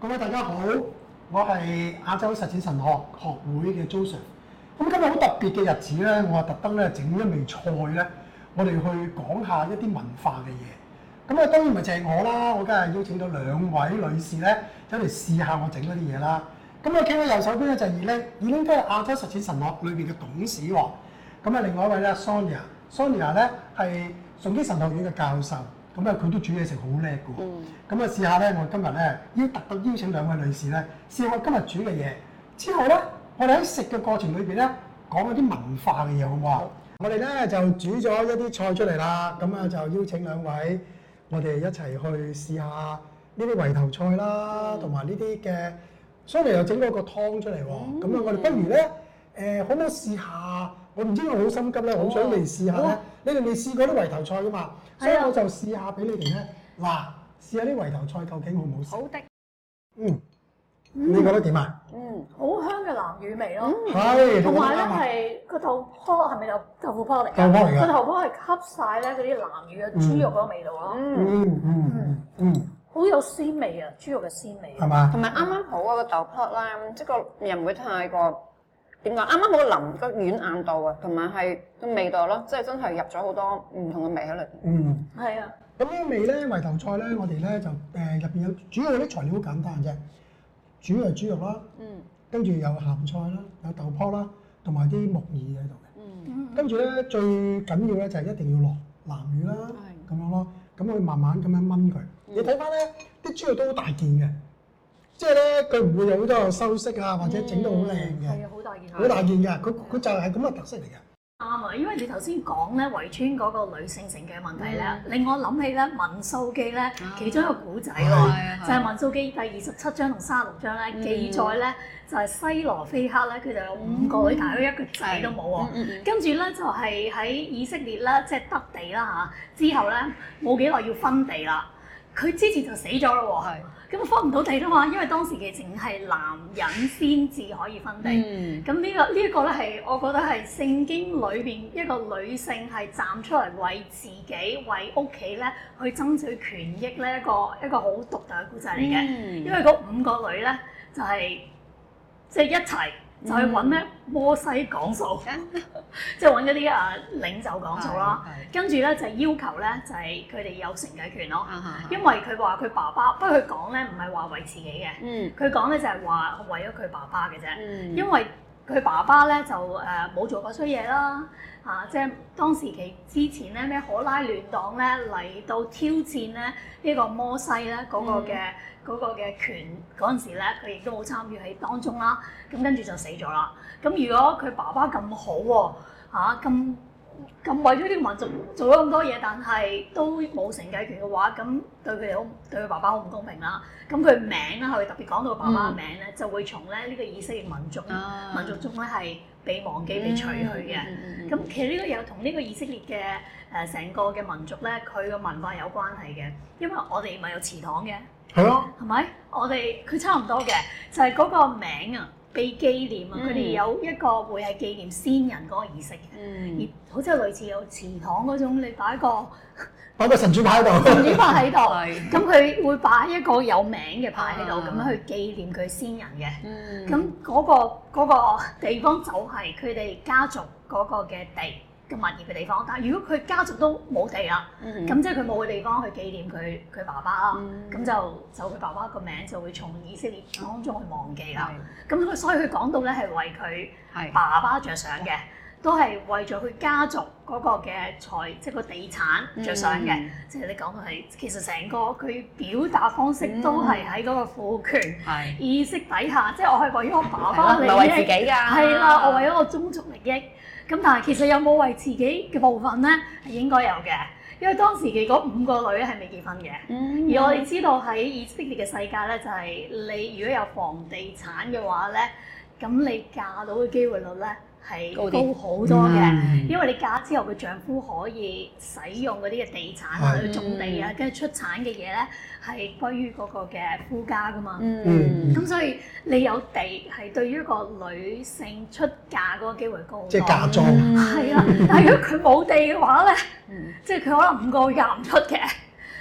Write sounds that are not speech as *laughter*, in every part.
各位大家好，我係亞洲實踐神學學會嘅 Joseph。咁今日好特別嘅日子咧，我啊特登咧整一味菜咧，我哋去講下一啲文化嘅嘢。咁啊當然唔係淨係我啦，我梗係邀請到兩位女士咧，走嚟試下我整嗰啲嘢啦。咁啊企喺右手邊咧就 Elaine，Elaine 都係亞洲實踐神學裏邊嘅董事喎。咁啊另外一位咧 Sonia，Sonia 咧係崇基神學院嘅教授。咁啊，佢、嗯、都煮嘢食好叻嘅喎。咁啊、嗯，試下咧，我今日咧要特登邀請兩位女士咧，試下我今日煮嘅嘢。之後咧，我哋喺食嘅過程裏邊咧，講一啲文化嘅嘢，好唔好啊？嗯、我哋咧就煮咗一啲菜出嚟啦。咁啊、嗯，就邀請兩位，我哋一齊去試下呢啲圍頭菜啦，同埋呢啲嘅。Sonia，又整咗個湯出嚟喎。咁啊、嗯，我哋不如咧，誒、嗯，可唔可以試下？我唔知我好心急咧，好想未試下咧。你哋未試過啲圍頭菜噶嘛？所以我就試下俾你哋咧。嗱，試下啲圍頭菜究竟好唔好食？好的。嗯。你覺得點啊？嗯，好香嘅南乳味咯。係。同埋咧係個豆泡係咪有？豆腐泡嚟㗎？豆腐嚟㗎。個豆泡係吸晒咧嗰啲南乳嘅豬肉嗰味道咯。嗯嗯嗯嗯。好有鮮味啊！豬肉嘅鮮味。係嘛？同埋啱啱好啊個豆泡咧，即係又唔會太過。點解啱啱好腍個軟硬度，嗯、啊，同埋係個味道咯，即係真係入咗好多唔同嘅味喺裏邊。嗯，係啊。咁呢個味咧，圍頭菜咧，我哋咧就誒入邊有主要啲材料好簡單嘅啫，就是，主要係豬肉啦，嗯，跟住有鹹菜啦，有豆泡啦，同埋啲木耳喺度嘅，嗯，跟住咧最緊要咧就係一定要落南乳啦，係咁樣咯，咁佢慢慢咁樣炆佢。你睇翻咧啲豬肉都好大件嘅。即係咧，佢唔會有好多修飾啊，或者整到好靚嘅。係啊，好大件，好大件嘅，佢佢就係咁嘅特色嚟嘅。啱啊，因為你頭先講咧，圍村嗰個女性性嘅問題咧，令我諗起咧《民數記》咧其中一個古仔喎，就係《民數記》第二十七章同三十六章咧記載咧，就係西羅非克咧，佢就有五個女大，佢一個仔都冇喎。跟住咧就係喺以色列啦，即係得地啦吓，之後咧冇幾耐要分地啦，佢之前就死咗咯喎。咁分唔到地啦嘛，因為當時嘅淨係男人先至可以分地。咁呢、嗯呢個呢一、呢個咧係我覺得係聖經裏邊一個女性係站出嚟為自己、為屋企咧去爭取權益咧一個一個好獨特嘅故仔嚟嘅。嗯、因為嗰五個女咧就係即係一齊。就去揾咧摩西講道，即係揾嗰啲誒領袖講道啦。跟住咧就要求咧就係佢哋有承繼權咯。因為佢話佢爸爸，不過佢講咧唔係話為自己嘅。佢講咧就係、是、話為咗佢爸爸嘅啫。嗯、因為佢爸爸咧就誒冇、呃、做過衰嘢啦。嚇、啊！即、就、係、是、當時期之前咧咩可拉亂黨咧嚟到挑戰咧呢、這個摩西咧嗰、那個嘅。嗯嗰個嘅權嗰陣時咧，佢亦都冇參與喺當中啦。咁跟住就死咗啦。咁如果佢爸爸咁好喎，吓，咁咁為咗啲民族做咗咁多嘢，但係都冇承繼權嘅話，咁對佢好對佢爸爸好唔公平啦。咁佢名咧，特別講到爸爸嘅名咧，嗯、就會從咧呢個以色列民族、嗯、民族中咧係被忘記、嗯、被除去嘅。咁、嗯、其實呢個又同呢個以色列嘅誒成個嘅民族咧，佢嘅文化有關係嘅，因為我哋咪有祠堂嘅。係咯，係咪？我哋佢差唔多嘅，就係嗰個名啊，被紀念啊。佢哋有一個會係紀念先人嗰個儀式嘅，而好似類似有祠堂嗰種，你擺個擺個神主牌喺度，神主牌喺度。咁佢會擺一個有名嘅牌喺度，咁樣去紀念佢先人嘅。咁嗰個嗰個地方就係佢哋家族嗰個嘅地。咁物業嘅地方，但係如果佢家族都冇地啦，咁、嗯、即係佢冇個地方去紀念佢佢爸爸啊，咁、嗯、就就佢爸爸個名就會從以色列當中去忘記啦。咁佢是所以佢講到咧係為佢爸爸着想嘅，是都係為咗佢家族嗰個嘅財即係個地產着想嘅。嗯、即係你講到係其實成個佢表達方式都係喺嗰個父權意識底下，即係、嗯、我係為咗爸爸利益，係啦，我為咗我宗族利益。咁但係其實有冇為自己嘅部分呢？係應該有嘅，因為當時嘅嗰五個女係未結婚嘅，嗯嗯、而我哋知道喺以色列嘅世界呢，就係、是、你如果有房地產嘅話呢，咁你嫁到嘅機會率呢？係高好多嘅，嗯、因為你嫁之後，佢丈夫可以使用嗰啲嘅地產去是種地啊，跟住、嗯、出產嘅嘢咧係歸於嗰個嘅夫家噶嘛。嗯，咁、嗯、所以你有地係對於一個女性出嫁嗰個機會高好多，即係嫁妝。係啊、嗯，但係如果佢冇地嘅話咧，即係佢可能唔夠嫁唔出嘅。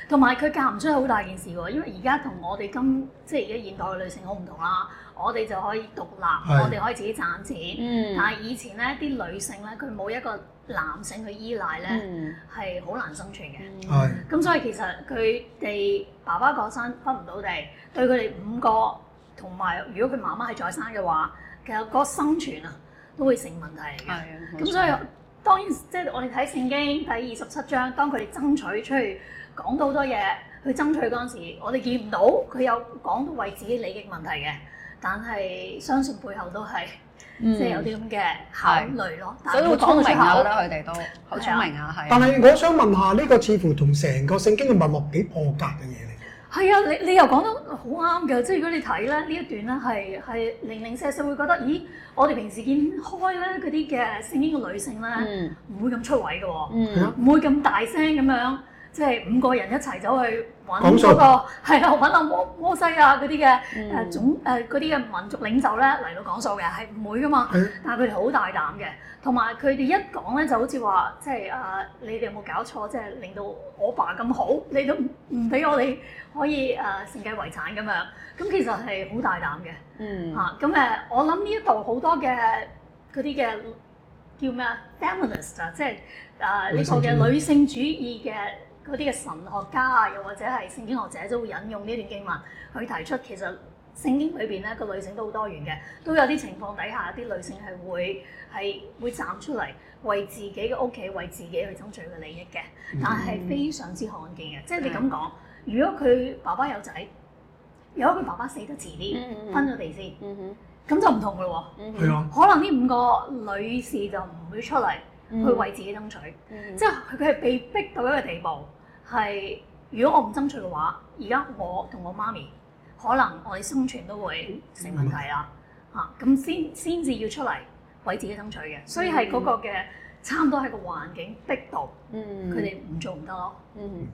同埋佢嫁唔出係好大件事喎，因為而家同我哋今即係而家現代嘅女性好唔同啦。我哋就可以獨立，的我哋可以自己賺錢。嗯、但係以前咧，啲女性咧，佢冇一個男性去依賴咧，係好、嗯、難生存嘅。咁、嗯、所以其實佢哋爸爸過身分唔到地，對佢哋五個同埋，如果佢媽媽係在生嘅話，其實個生存啊都會成問題嚟嘅。咁的所以當然即係、就是、我哋睇聖經第二十七章，當佢哋爭取出去講到好多嘢，去爭取嗰陣時，我哋見唔到佢有講到為自己利益問題嘅。但係相信背後都係即係有啲咁嘅考慮咯。嗯、但所以好聰明，聰明啊，佢哋都好聰明啊。係。但係我想問下呢、呢個似乎同成個聖經嘅脈絡幾破格嘅嘢嚟？係啊，你你又講得好啱㗎。即係如果你睇咧呢一段咧，係係零零碎碎會覺得，咦？我哋平時見開咧嗰啲嘅聖經嘅女性咧，唔、嗯、會咁出位嘅喎，唔、嗯嗯、會咁大聲咁樣。即係五個人一齊走去揾嗰個係啦，揾下摩摩西啊嗰啲嘅誒總誒啲嘅民族領袖咧嚟到講數嘅，係唔會噶嘛。但係佢哋好大膽嘅，同埋佢哋一講咧就好似話，即係誒你哋有冇搞錯？即係令到我爸咁好，你都唔俾我哋可以誒承繼遺產咁樣。咁其實係好大膽嘅。嗯。嚇！咁誒，我諗呢一度好多嘅嗰啲嘅叫咩啊？Feminist 啊，即係誒呢個嘅女性主義嘅。嗰啲嘅神學家啊，又或者係聖經學者都會引用呢段經文，去提出其實聖經裏邊咧個女性都好多元嘅，都有啲情況底下啲女性係會係會站出嚟為自己嘅屋企、為自己去爭取嘅利益嘅，mm hmm. 但係非常之罕見嘅。Mm hmm. 即係你咁講，如果佢爸爸有仔，如果佢爸爸死得遲啲，mm hmm. 分咗地先，咁、mm hmm. 就唔同啦喎。係啊，可能呢五個女士就唔會出嚟去為自己爭取，即係佢係被逼到一個地步。係，如果我唔爭取嘅話，而家我同我媽咪，可能我哋生存都會成問題啦。嚇、嗯，咁、啊、先先至要出嚟為自己爭取嘅，所以係嗰個嘅、嗯、差唔多係個環境逼到，佢哋唔做唔得咯。嗯，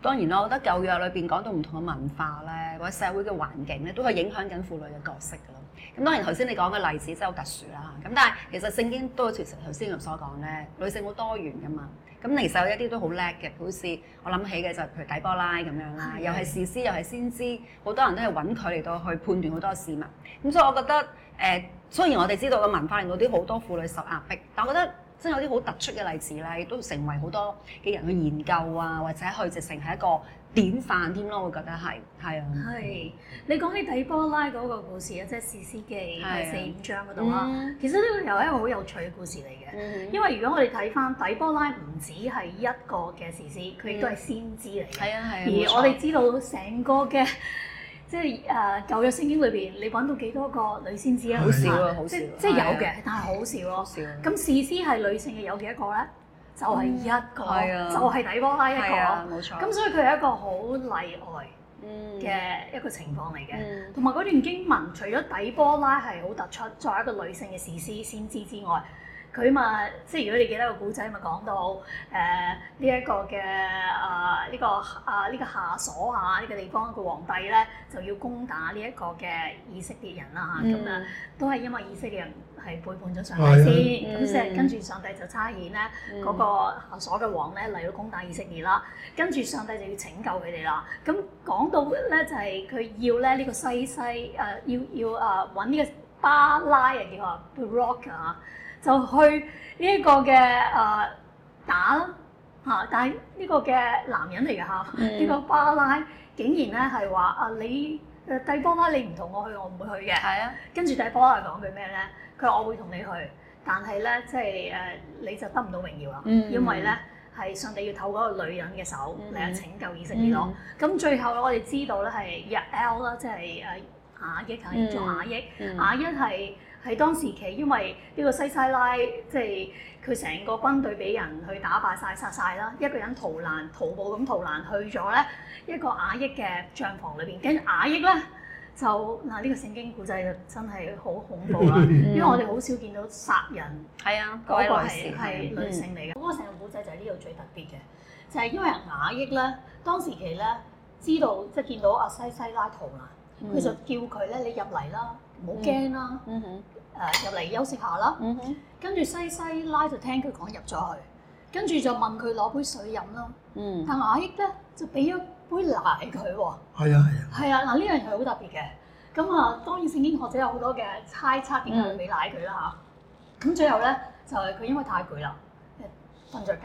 當然啦，我覺得舊約裏邊講到唔同嘅文化咧，或者社會嘅環境咧，都係影響緊婦女嘅角色㗎咯。咁當然頭先你講嘅例子真係好特殊啦，咁但係其實聖經都好似頭先我所講咧，女性好多元噶嘛，咁其實有一啲都好叻嘅，好似我諗起嘅就係譬如底波拉咁樣啦的，又係士師，又係先知，好多人都係揾佢嚟到去判斷好多事物，咁、嗯、所以我覺得誒、呃，雖然我哋知道嘅文化令到啲好多婦女受壓迫，但我覺得真係有啲好突出嘅例子咧，亦都成為好多嘅人去研究啊，或者去直情係一個。典範添咯，我覺得係，係啊，係你講起底波拉嗰個故事啊，即係《士師記》第四五章嗰度啊，其實呢個又係一個好有趣嘅故事嚟嘅，嗯、哼因為如果我哋睇翻底波拉唔止係一個嘅士師，佢亦都係先知嚟嘅，係啊係，啊而我哋知道成個嘅即係誒、啊、舊約聖經裏邊，你揾到幾多個女先知啊？好少是啊，好少，即係有嘅，但係好少咯。咁士師係女性嘅有幾多個咧？就係一個，嗯、就係底波拉一個，咁、嗯、所以佢係一個好例外嘅一個情況嚟嘅。同埋嗰段經文，除咗底波拉係好突出，作為一個女性嘅士師先知之外，佢咪即係如果你記得個古仔，咪講到誒呢一個嘅啊呢、呢個啊呢、呢個夏瑣啊呢、呢個地方嘅皇帝咧，就要攻打呢一個嘅以色列人啦。咁啊，嗯、樣都係因為以色列人。係背叛咗上帝先，咁即係跟住上帝就差遣咧嗰個所嘅王咧嚟到攻打以色列啦。跟住上帝就要拯救佢哋啦。咁講到咧就係佢要咧呢個西西誒、呃、要要誒揾呢個巴拉啊叫啊 Barak 啊，就去呢一個嘅誒、啊、打嚇。但係呢個嘅男人嚟嘅嚇，呢、嗯、個巴拉竟然咧係話啊你誒底波拉你唔同我去我唔會去嘅。係啊，跟住底波拉講句咩咧？佢話我會同你去，但係咧，即係誒、呃、你就得唔到榮耀啊！嗯、因為咧係上帝要透過一個女人嘅手嚟、嗯、拯救以色列。咁、嗯、最後咧，我哋知道咧係日捱啦，即係誒雅億係做雅億，雅億係喺當時期，因為呢個西西拉即係佢成個軍隊俾人去打敗晒殺晒啦，一個人逃難、徒步咁逃難去咗咧一個雅億嘅帳篷裏邊，跟住雅億咧。就嗱，呢、這個聖經古仔就真係好恐怖啦， *laughs* 因為我哋好少見到殺人嗰 *laughs* 個係係女性嚟嘅，嗰、嗯、個成個古仔就係呢度最特別嘅，就係、是、因為雅億咧，當時期咧知道即係見到阿西西拉逃啦，佢就叫佢咧你入嚟啦，唔好驚啦，誒入嚟休息下啦，跟住、嗯、西西拉就聽佢講入咗去，跟住就問佢攞杯水飲啦，但雅億咧就俾咗。嗯會奶佢喎，係啊係啊，係啊，嗱，呢樣係好特別嘅。咁啊，當然聖經學者有好多嘅猜測，點解會奶佢啦吓，咁、嗯、最後咧就係、是、佢因為太攰啦，瞓著覺，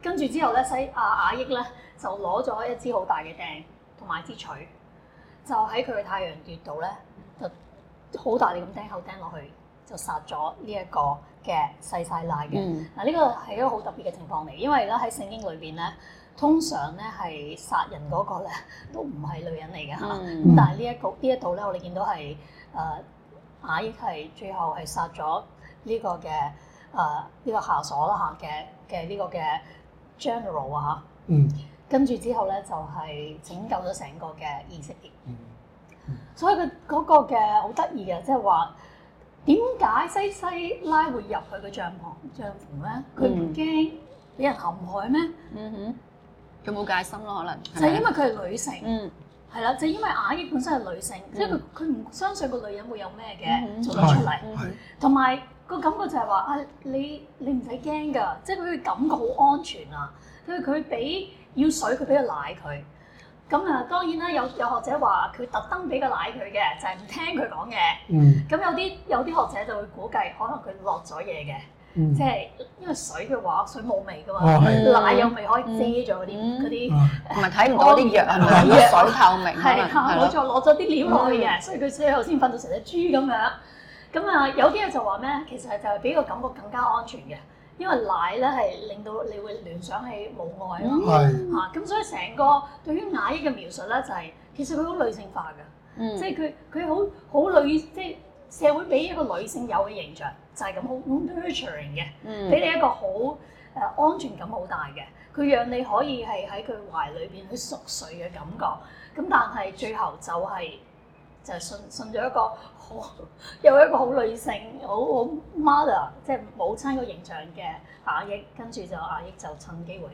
跟住之後咧使亞雅億咧就攞咗一支好大嘅釘同埋支錘，就喺佢嘅太陽穴度咧就好大力咁釘口釘落去，就殺咗呢、嗯、一個嘅西西拉嘅。嗱，呢個係一個好特別嘅情況嚟，因為咧喺聖經裏邊咧。通常咧係殺人嗰個咧都唔係女人嚟嘅嚇，咁、嗯、但係呢一個呢一度咧，我哋見到係誒雅億係最後係殺咗呢個嘅誒呢個下所啦嚇嘅嘅呢個嘅、這個、general 啊嚇、嗯嗯，嗯，跟住之後咧就係拯救咗成個嘅意識，嗯，所以佢嗰個嘅好得意嘅，即係話點解西西拉會入佢嘅帳篷帳篷咧？佢唔驚俾人陷害咩？嗯哼。有冇戒心咯？可能就係因為佢係女性，係啦、嗯，就係、因為阿儀本身係女性，嗯、即係佢佢唔相信個女人會有咩嘅、嗯、做得出嚟，同埋、個感覺就係話啊，你你唔使驚㗎，即係佢會感覺好安全啊。佢為佢俾要水，佢俾個奶佢。咁啊，當然啦，有有學者話佢特登俾個奶佢嘅，就係、是、唔聽佢講嘢。咁、嗯、有啲有啲學者就會估計，可能佢落咗嘢嘅。即係因為水嘅話，水冇味噶嘛，奶有味可以遮咗嗰啲嗰啲，同埋睇唔到啲藥係咪？水透明，係冇錯，我攞咗啲料落去嘅，所以佢最後先瞓到成隻豬咁樣。咁啊，有啲人就話咩？其實就係俾個感覺更加安全嘅，因為奶咧係令到你會聯想起母愛囉，嚇咁所以成個對於奶液嘅描述咧就係其實佢好女性化嘅，即係佢佢好好女即係社會俾一個女性有嘅形象，就係咁好 nurturing 嘅，俾你一個好誒、呃、安全感好大嘅，佢讓你可以係喺佢懷裏邊去熟睡嘅感覺。咁但係最後就係、是、就係信信咗一個好有一個好女性好好 mother 即係母親個形象嘅阿益，跟住就阿益就趁機會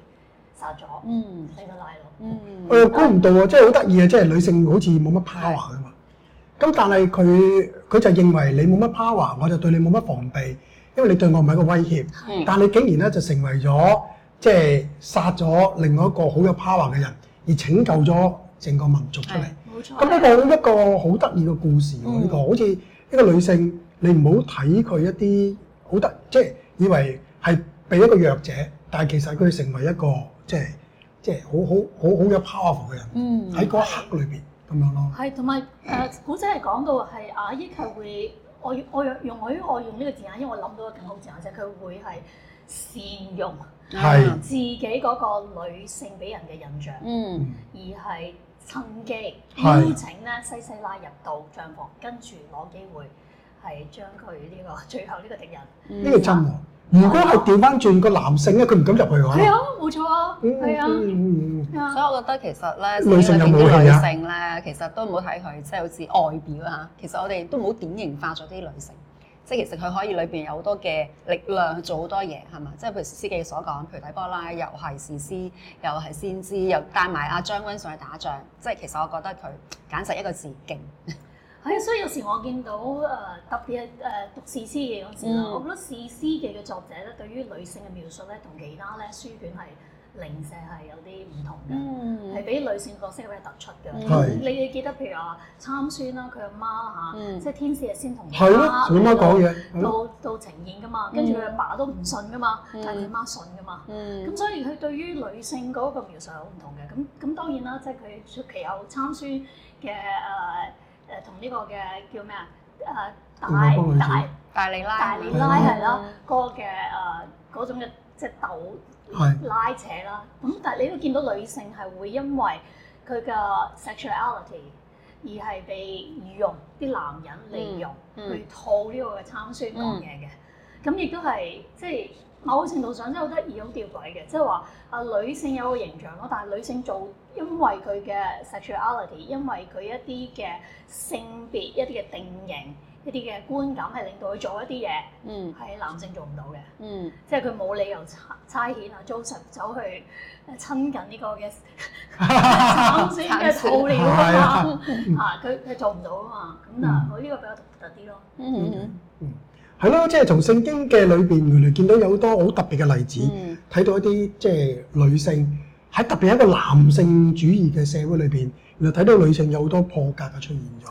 殺咗嗯呢個奶佬。嗯誒，估唔、嗯呃、到啊！嗯、真係好得意啊！即係女性好似冇乜 power 啊嘛～咁但係佢佢就認為你冇乜 power，我就對你冇乜防備，因為你對我唔係個威脅。嗯、但你竟然咧就成為咗，即、就、係、是、殺咗另外一個好有 power 嘅人，而拯救咗整個民族出嚟。冇錯。咁、這個嗯、一個一個好得意嘅故事喎、啊，呢、這個好似一個女性，你唔好睇佢一啲好得，即係、就是、以為係俾一個弱者，但係其實佢成為一個即係即係好好好有 power 嘅人。嗯。喺嗰一刻裏邊。咁樣咯，係同埋誒古仔係講到係阿益係會，是我我用，我，我用用我用我用呢個字眼，因為我諗到個更好字眼啫，佢會係善用係自己嗰個女性俾人嘅印象，嗯是，而係趁機邀是請咧西西拉入到帳房，跟住攞機會。係將佢呢、這個最後呢個敵人，呢個、嗯、真喎。如果係調翻轉個男性咧，佢唔敢入去㗎。係啊，冇、啊、錯啊，係、嗯、啊。嗯、所以我覺得其實咧，實呢女性有冇女性咧，其實都唔、就是、好睇佢，即係好似外表嚇、啊。其實我哋都冇典型化咗啲女性，即、就、係、是、其實佢可以裏邊有好多嘅力量去做好多嘢，係嘛？即係譬如司機所講，譬如底波拉，又係士師，又係先知，又帶埋阿張溫上去打仗。即係其實我覺得佢簡直一個字勁。 *laughs* 係啊，所以有時我見到誒特別誒讀士師記嘅我知啦，我覺得士師記嘅嘅作者咧，對於女性嘅描述咧，同其他咧書卷係零舍係有啲唔同嘅，係俾女性角色比較突出嘅。你你記得譬如阿參孫啦，佢阿媽嚇，即係天使係先同佢阿媽到到呈現㗎嘛，跟住佢阿爸都唔信㗎嘛，但係佢阿媽信㗎嘛。咁所以佢對於女性嗰個描述係好唔同嘅。咁咁當然啦，即係佢其有參孫嘅誒。誒同呢個嘅叫咩啊？誒大大大利拉大利拉，係咯，嗰個嘅誒嗰種嘅即係鬥拉扯啦。咁但係你都見到女性係會因為佢嘅 sexuality 而係被利用，啲男人利用去套呢個嘅參孫講嘢嘅。咁亦都係即係某程度上真係好得意，好吊詭嘅，即係話啊女性有個形象咯，但係女性做。因為佢嘅 sexuality，因為佢一啲嘅性別一啲嘅定型一啲嘅觀感，係令到佢做一啲嘢係男性做唔到嘅。嗯，即係佢冇理由差遣啊，走上走去親近呢個嘅男性嘅婦女啊嘛。啊，佢佢做唔到啊嘛。咁啊，我呢個比較獨特啲咯。嗯嗯嗯。嗯，係咯，即係從聖經嘅裏邊原來見到有好多好特別嘅例子，睇到一啲即係女性。喺特別係一個男性主義嘅社會裏邊，原來睇到女性有好多破格嘅出現咗，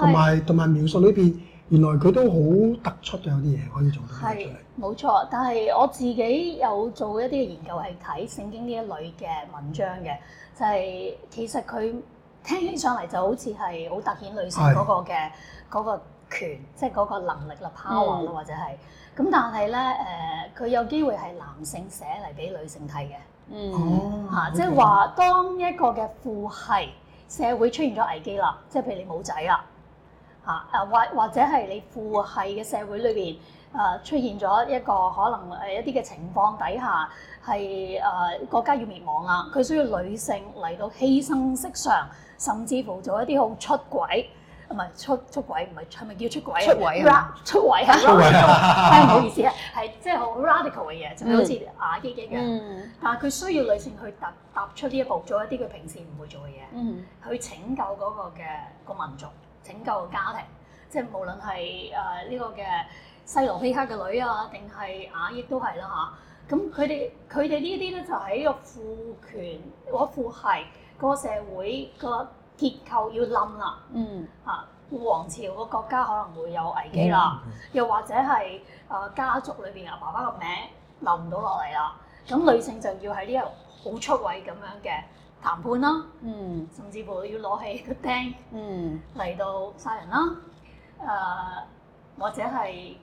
同埋同埋描述裏邊，原來佢都好突出嘅有啲嘢可以做到，係冇錯，但係我自己有做一啲研究係睇聖經呢一類嘅文章嘅，就係、是、其實佢聽起上嚟就好似係好凸顯女性嗰個嘅嗰是個權，即係嗰個能力啦、power 啦、嗯，或者係咁。但係咧，誒、呃、佢有機會係男性寫嚟俾女性睇嘅。嗯，嚇，oh, okay. 即係話當一個嘅父系社會出現咗危機啦，即係譬如你冇仔啊，嚇，啊或或者係你父系嘅社會裏邊，誒、啊、出現咗一個可能誒一啲嘅情況底下，係誒、啊、國家要滅亡啦，佢需要女性嚟到犧牲色相，甚至乎做一啲好出軌。唔係出出軌，唔係係咪叫出軌啊位？出軌啊！出軌嚇！唔好意思啊，係即係好 radical 嘅嘢，就係好似雅億一樣。嗯。但係佢需要女性去踏踏出呢一步，做一啲佢平時唔會做嘅嘢。嗯。Mm. 去拯救嗰個嘅個民族，拯救個家庭，即係無論係誒呢個嘅西羅菲克嘅女啊，定係雅億都係啦吓，咁佢哋佢哋呢啲咧，就喺個父權嗰父系、嗰個社會、嗰個結構要冧啦，嚇、嗯啊、王朝個國家可能會有危機啦，嗯嗯、又或者係誒、呃、家族裏邊阿爸爸個名留唔到落嚟啦，咁女性就要喺呢個好出位咁樣嘅談判啦，嗯、甚至乎要攞起個釘嚟、嗯、到殺人啦，誒、呃、或者係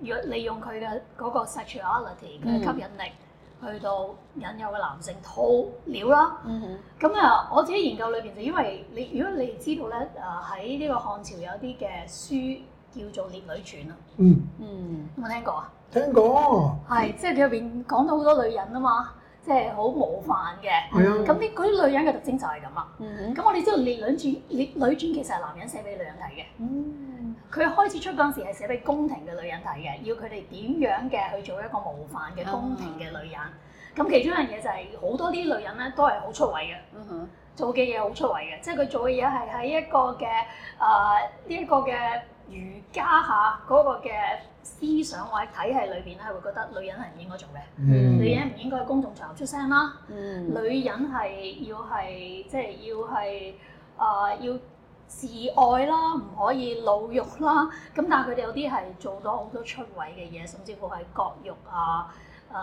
要利用佢嘅嗰個 sexuality 嘅吸引力。嗯嗯去到引誘嘅男性套料啦，咁啊、嗯、哼我自己研究裏邊就因為你如果你知道咧，啊喺呢個漢朝有啲嘅書叫做《列女傳》啊，嗯，嗯，有冇聽過啊？聽過，係即係佢入邊講到好多女人啊嘛。即係好模範嘅，咁啲啲女人嘅特徵就係咁啦。咁、mm hmm. 我哋知道列女傳，列女傳其實係男人寫俾女人睇嘅。佢、mm hmm. 開始出嗰陣時係寫俾宮廷嘅女人睇嘅，要佢哋點樣嘅去做一個模範嘅宮廷嘅女人。咁、mm hmm. 其中一樣嘢就係、是、好多啲女人呢都係好出位嘅，mm hmm. 做嘅嘢好出位嘅，即係佢做嘅嘢係喺一個嘅誒呢一個嘅儒家下嗰、那個嘅，思想或者體系裏邊咧，會覺得女人係唔應該做嘅。嗯、女人唔應該喺公眾場合出聲啦。嗯、女人係要係即係要係啊、呃，要自愛啦，唔可以露肉啦。咁但係佢哋有啲係做到好多出位嘅嘢，甚至乎係割肉啊、啊、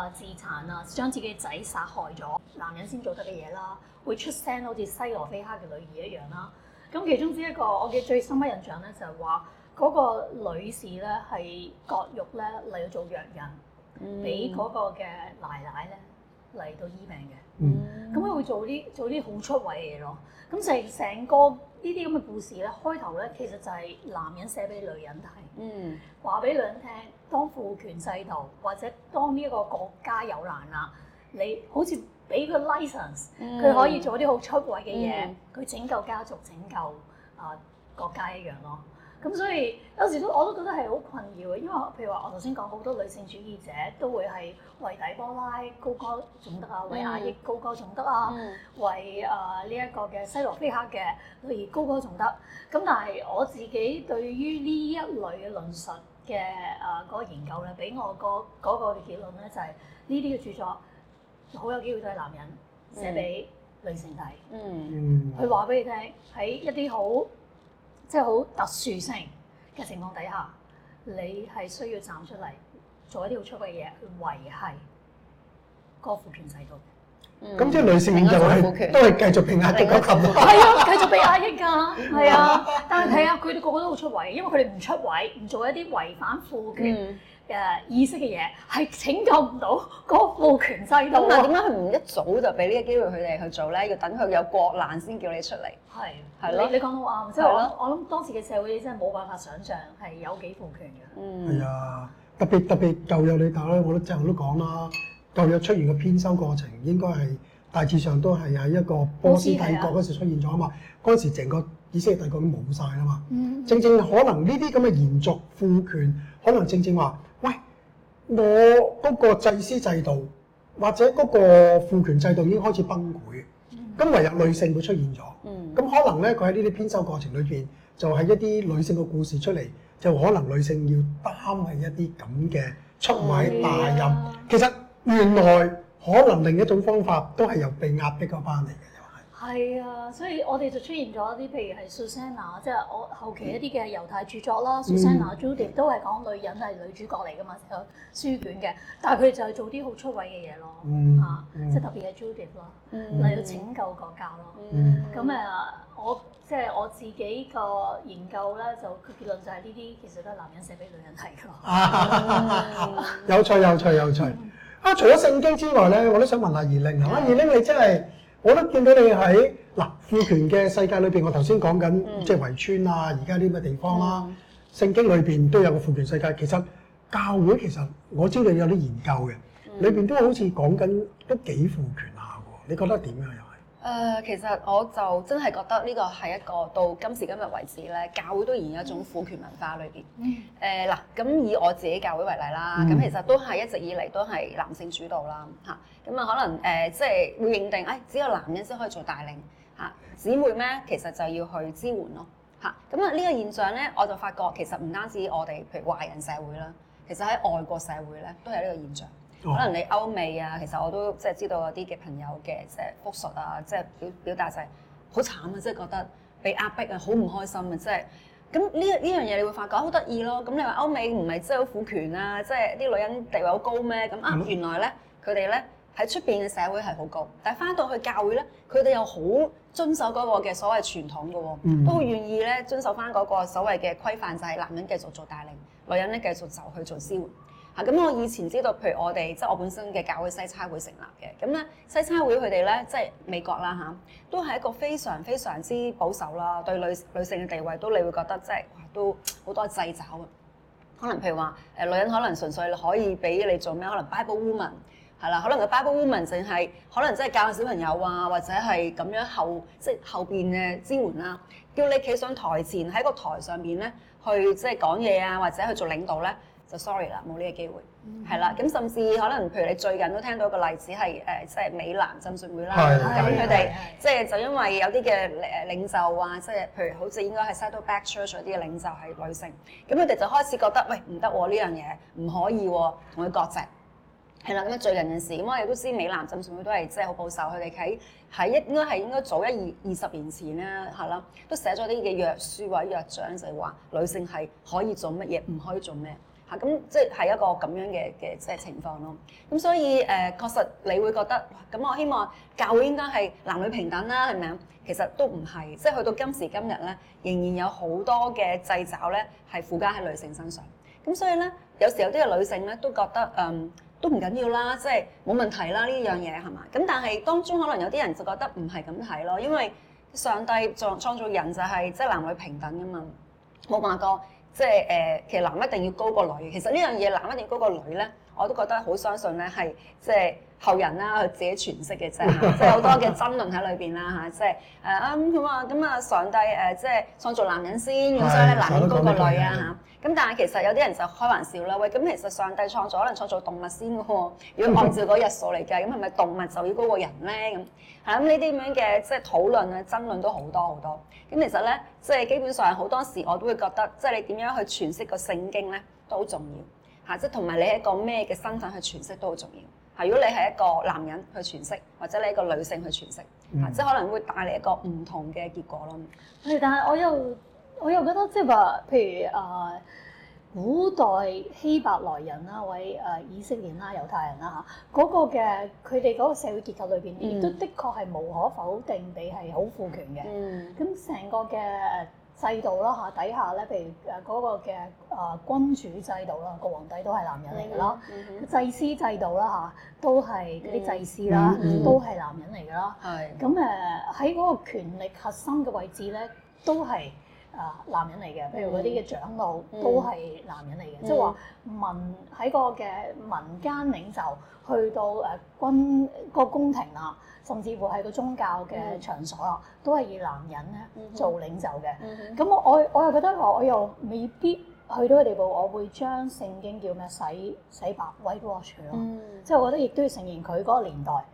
呃、自殘啊，將自己仔殺害咗，男人先做得嘅嘢啦，會出聲好似西羅非哈嘅女兒一樣啦。咁其中之一個我嘅最深刻印象咧，就係話。嗰個女士咧係割肉咧嚟到做藥引，俾嗰、嗯、個嘅奶奶咧嚟到醫病嘅，咁佢、嗯、會做啲做啲好出位嘅嘢咯。咁成成個呢啲咁嘅故事咧，開頭咧其實就係男人寫俾女人睇，話俾、嗯、女人聽，當父權制度或者當呢一個國家有難啦，你好似俾個 license，佢可以做啲好出位嘅嘢，佢、嗯嗯、拯救家族、拯救啊國家一樣咯。咁所以有時都我都覺得係好困擾嘅，因為譬如話我頭先講好多女性主義者都會係為底波拉高歌頌德啊，為雅億高歌頌德啊，嗯、為誒呢一個嘅西羅非哈嘅女兒高歌頌德。咁但係我自己對於呢一類論述嘅誒嗰個研究咧，俾我個嗰個結論咧就係呢啲嘅著作好有機會都係男人寫俾女性睇，嗯，嗯，佢話俾你聽喺一啲好，即係好特殊性嘅情況底下，你係需要站出嚟做一啲好出位嘅嘢去維係個父權制度。咁即係女性就都係繼續被壓抑係啊，繼續俾壓抑㗎，係啊。 *laughs* 但係睇下佢哋個個都好出位，因為佢哋唔出位，唔做一啲違反父權，嗯嘅意識嘅嘢係拯救唔到嗰個父權制度。咁啊，點解佢唔一早就俾呢個機會佢哋去做咧？要等佢有國難先叫你出嚟。係係咯。的你講到啱，即係的的我諗，我諗當時嘅社會真係冇辦法想像係有幾父權嘅。嗯。係啊，特別特別舊約嚟講咧，我啲正我都講啦，舊約出現嘅編修過程應該係大致上都係喺一個波斯帝國嗰時出現咗啊嘛。嗰時整個以色列帝國都冇晒啊嘛。嗯嗯、正，正正可能呢啲咁嘅延續父權，可能正正話。我嗰個祭司制度或者嗰個父權制度已經開始崩潰，咁、嗯、唯有女性會出現咗，咁、嗯、可能呢，佢喺呢啲編修過程裏邊，就係一啲女性嘅故事出嚟，就可能女性要擔起一啲咁嘅出賣、大任。啊、其實原來可能另一種方法都係由被壓迫嗰班嚟嘅。係啊，所以我哋就出現咗一啲，譬如係 Susanna 即係我後期一啲嘅猶太著作啦 Susanna、Judith 都係講女人係女主角嚟噶嘛，書卷嘅，但係佢就係做啲好出位嘅嘢咯，嚇，即係特別係 Judith 咯，例如拯救國家咯，咁啊，我即係我自己個研究咧，就結論就係呢啲其實都係男人寫俾女人睇㗎，有趣有趣有趣！啊，除咗聖經之外咧，我都想問下二玲啊，二玲你真係～我都見到你喺嗱父權嘅世界裏邊，我頭先講緊即係圍村啊，而家啲咁嘅地方啦、啊。聖經裏邊都有個父權世界，其實教會其實我知道你有啲研究嘅，裏邊都好似講緊都幾父權下嘅喎，你覺得點樣又、啊？誒、呃，其實我就真係覺得呢個係一個到今時今日為止咧，教會都仍然有一種父權文化裏邊。嗯。誒嗱、呃，咁以我自己教會為例啦，咁、嗯、其實都係一直以嚟都係男性主導啦，嚇。咁啊，可能誒即係會認定誒、哎、只有男人先可以做帶領，嚇、啊、姊妹咩？其實就要去支援咯，嚇。咁啊，呢個現象咧，我就發覺其實唔單止我哋譬如華人社會啦，其實喺外國社會咧都係呢個現象。可能你歐美啊，其實我都即係知道有啲嘅朋友嘅即係復述啊，即係表表達就係好慘啊，即係覺得被壓迫啊，好唔開心啊，即係咁呢呢樣嘢你會發覺好得意咯。咁你話歐美唔係真係好父權啊，即係啲女人地位好高咩？咁啊原來咧，佢哋咧喺出邊嘅社會係好高，但係翻到去教會咧，佢哋又好遵守嗰個嘅所謂傳統嘅喎，都願意咧遵守翻嗰個所謂嘅規範，就係男人繼續做帶領，女人咧繼續就去做支援。咁、啊、我以前知道，譬如我哋即係我本身嘅教會西差會成立嘅，咁咧西差會佢哋咧即係美國啦嚇、啊，都係一個非常非常之保守啦，對女女性嘅地位都你會覺得即係哇都好多掣肘啊！可能譬如話誒、呃，女人可能純粹可以俾你做咩？可能 Bible Woman 係啦，可能個 Bible Woman 淨、就、係、是、可能即係教小朋友啊，或者係咁樣後即後邊嘅支援啦、啊，叫你企上台前喺個台上面咧去即係講嘢啊，或者去做領導咧。就 sorry 啦，冇呢個機會係啦。咁、mm hmm. 甚至可能，譬如你最近都聽到一個例子係誒，即、呃、係、就是、美南浸信會啦。咁，佢哋即係就因為有啲嘅領領袖啊，即、就、係、是、譬如好似應該係 Saddleback Church 嗰啲嘅領袖係女性，咁佢哋就開始覺得喂，唔得喎，呢樣嘢唔可以喎，同佢割席係啦。咁最近嘅事咁、嗯、我哋都知美南浸信會都係即係好保守，佢哋喺喺應該係應該早一二二十年前咧係啦，都寫咗啲嘅約書或者約章，就係、是、話女性係可以做乜嘢，唔可以做咩。咁即係一個咁樣嘅嘅即係情況咯。咁所以誒、呃，確實你會覺得咁，我希望教會應該係男女平等啦，係咪啊？其實都唔係，即係去到今時今日咧，仍然有好多嘅掣肘咧，係附加喺女性身上。咁所以咧，有時有啲嘅女性咧都覺得嗯，都唔緊要啦，即係冇問題啦呢樣嘢係嘛？咁但係當中可能有啲人就覺得唔係咁睇咯，因為上帝創創造人就係即係男女平等噶嘛，冇話過。即係誒，其實男一定要高過女。其實呢樣嘢男一定要高過女咧，我都覺得好相信咧，係即係後人啦、啊、佢自己詮釋嘅啫，即係好多嘅爭論喺裏邊啦嚇，即係誒啊咁佢話咁啊、嗯、上帝誒即係創造男人先，咁的所以咧男人高過女啊嚇。咁但係其實有啲人就開玩笑啦，喂！咁其實上帝創造可能創造動物先嘅喎，要按照嗰日數嚟計，咁係咪動物就要高過人咧？咁嚇咁呢啲咁樣嘅即係討論啊爭論都好多好多。咁其實咧，即係基本上好多時我都會覺得，即係你點樣去詮釋個聖經咧都好重要嚇、啊，即係同埋你一個咩嘅身份去詮釋都好重要嚇、啊。如果你係一個男人去詮釋，或者你一個女性去詮釋嚇，即係可能會帶嚟一個唔同嘅結果咯。係，嗯、但係我又。我又覺得即係話，譬如誒、呃、古代希伯來人啦，或者、呃、以色列啦、猶太人啦嚇，嗰、啊那個嘅佢哋嗰個社會結構裏邊，亦、嗯、都的確係無可否定地係好父權嘅。咁成、嗯、個嘅制度啦，嚇、啊、底下咧，譬如誒嗰、啊那個嘅誒、啊、君主制度啦，個、啊、皇帝都係男人嚟㗎啦。祭、嗯嗯、司制度啦嚇、啊，都係啲祭司啦，嗯嗯、都係男人嚟㗎啦。係是。咁誒喺嗰個權力核心嘅位置咧，都係。啊，男人嚟嘅，譬如嗰啲嘅長老都係男人嚟嘅，即係話民喺個嘅民間領袖，去到誒君個宮廷啊，甚至乎係個宗教嘅場所啊，都係以男人咧做領袖嘅。咁我我我又覺得，我又未必去到個地步，我會將聖經叫咩洗洗白 whitewash 咯。即係我覺得，亦都要承認佢嗰個年代，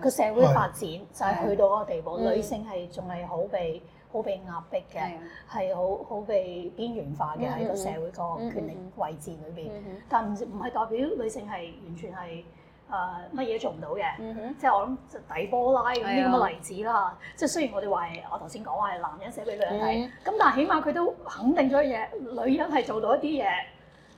個社會發展就係去到嗰個地步，女性係仲係好被好被壓迫嘅，係好好被邊緣化嘅喺個社會個權力位置裏邊。Mm hmm. 但唔唔係代表女性係完全係誒乜嘢都做唔到嘅，mm hmm. 即係我諗底波拉咁啲咁嘅例子啦。即係雖然我哋話我頭先講話係男人寫俾女人睇，咁、mm hmm. 但係起碼佢都肯定咗嘢，女人係做到一啲嘢。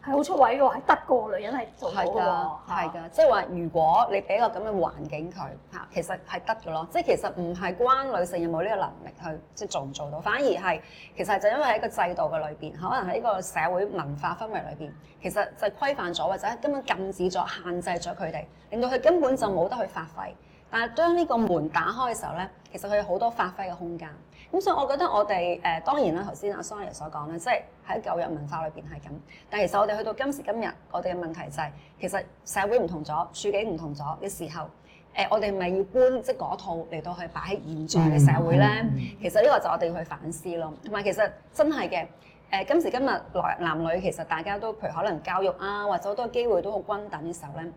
係好出位嘅喎，係得個女人係做到㗎，係㗎，即係話如果你俾個咁嘅環境佢嚇，其實係得㗎咯，即係其實唔係關女性有冇呢個能力去即係做唔做到，反而係其實就因為喺個制度嘅裏邊，可能喺呢個社會文化氛圍裏邊，其實就規範咗或者根本禁止咗、限制咗佢哋，令到佢根本就冇得去發揮。嗯。啊！將呢個門打開嘅時候咧，其實佢有好多發揮嘅空間。咁、嗯、所以，我覺得我哋誒、呃、當然啦，頭先阿 Sonia 所講咧，即係喺舊日文化裏邊係咁。但係其實我哋去到今時今日，我哋嘅問題就係、是、其實社會唔同咗，處境唔同咗嘅時候，誒、呃、我哋咪要搬即嗰套嚟到去擺喺現在嘅社會咧？嗯嗯、其實呢個就我哋去反思咯。同埋其實真係嘅，誒、呃、今時今日男男女其實大家都譬如可能教育啊或者好多機會都好均等嘅時候咧。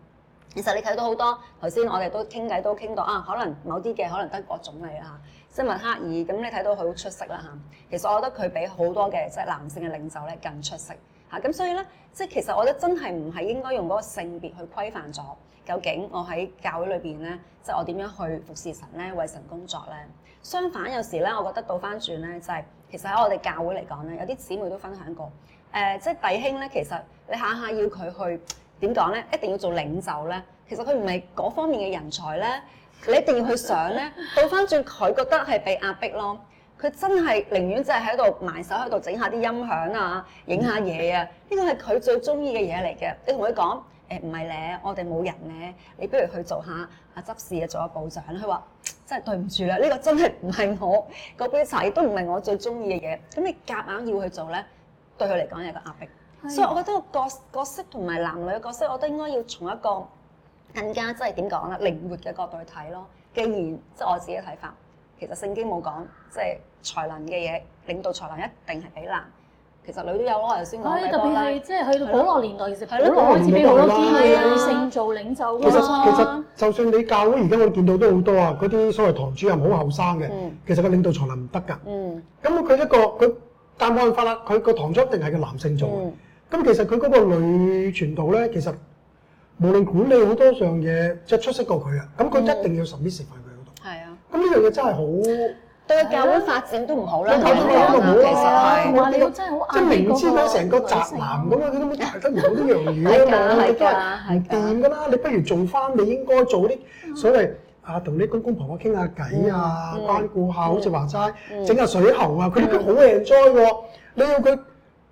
其實你睇到好多，頭先我哋都傾偈都傾到啊，可能某啲嘅可能德國總理啊，即默克爾咁你睇到佢好出色啦嚇、啊。其實我覺得佢比好多嘅即係男性嘅領袖咧更出色嚇。咁、啊、所以咧，即係其實我覺得真係唔係應該用嗰個性別去規範咗究竟我喺教會裏邊咧，即、就、係、是、我點樣去服侍神咧、為神工作咧。相反有時咧，我覺得倒翻轉咧就係、是、其實喺我哋教會嚟講咧，有啲姊妹都分享過誒、呃，即係弟兄咧，其實你下下要佢去。點講呢？一定要做領袖呢。其實佢唔係嗰方面嘅人才呢。你一定要去想呢，倒翻轉，佢覺得係被壓迫咯。佢真係寧願即係喺度埋手喺度整下啲音響啊，影下嘢啊。呢個係佢最中意嘅嘢嚟嘅。你同佢講，誒唔係咧，我哋冇人呢。你不如去做下啊執事啊，做下部長。佢話真係對唔住啦，呢、呢個真係唔係我。嗰杯茶亦都唔係我最中意嘅嘢。咁你夾硬要去做呢？對佢嚟講係一個壓迫。所以，我覺得個角色同埋男女嘅角色，我覺得應該要從一個更加即係點講啦，靈活嘅角度去睇咯。既然即係、就是、我自己嘅睇法，其實聖經冇講即係才能嘅嘢，領導才能一定係比男。其實女都有咯。頭先是特別係即係喺好多年代，其實係啦，開始俾好多機會女性做領袖嘅其實，其實就算你教會而家我見到都好多啊，嗰啲所謂堂主任好後生嘅，其實個領導才能唔得㗎。嗯。咁佢、嗯、一個佢但係冇人發啦，佢個堂主一定係個男性做。嗯。咁其實佢嗰個女傳道咧，其實無論管理好多樣嘢，即係出色過佢啊！咁佢一定要 submissive 佢嗰度。係啊！咁呢樣嘢真係好對教會發展都唔好啦。教會都唔好啦，其實係。咁你又真係好硬即係明知佢成個宅男咁啊，你都冇睇得到呢樣嘢啊嘛！你都係唔掂㗎啦！你不如做翻你應該做啲所謂啊，同啲公公婆婆傾下偈啊，關顧下，好似話齋整下水喉啊，佢啲工好 enjoy 㗎喎！你要佢。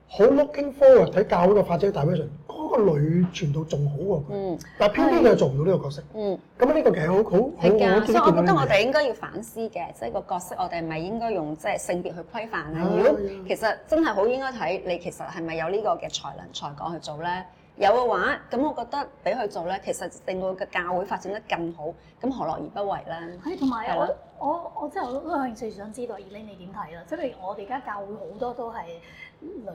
好 looking forward 睇教會嘅發展大 v 嗰個女傳道仲好喎，但偏偏佢做唔到呢個角色。咁呢、嗯、個其實好好好，的我所以，我覺得我哋應該要反思嘅，即係個角色，我哋咪應該用即係、就是、性別去規範啊？如果後、啊、其實真係好應該睇你其實係咪有呢個嘅才能才幹去做咧？有嘅話，咁我覺得俾佢做咧，其實令到個教會發展得更好，咁何樂而不為啦？係，同埋我我真係好都係最想知道 Elaine 你點睇啦，即係我哋而家教會好多都係。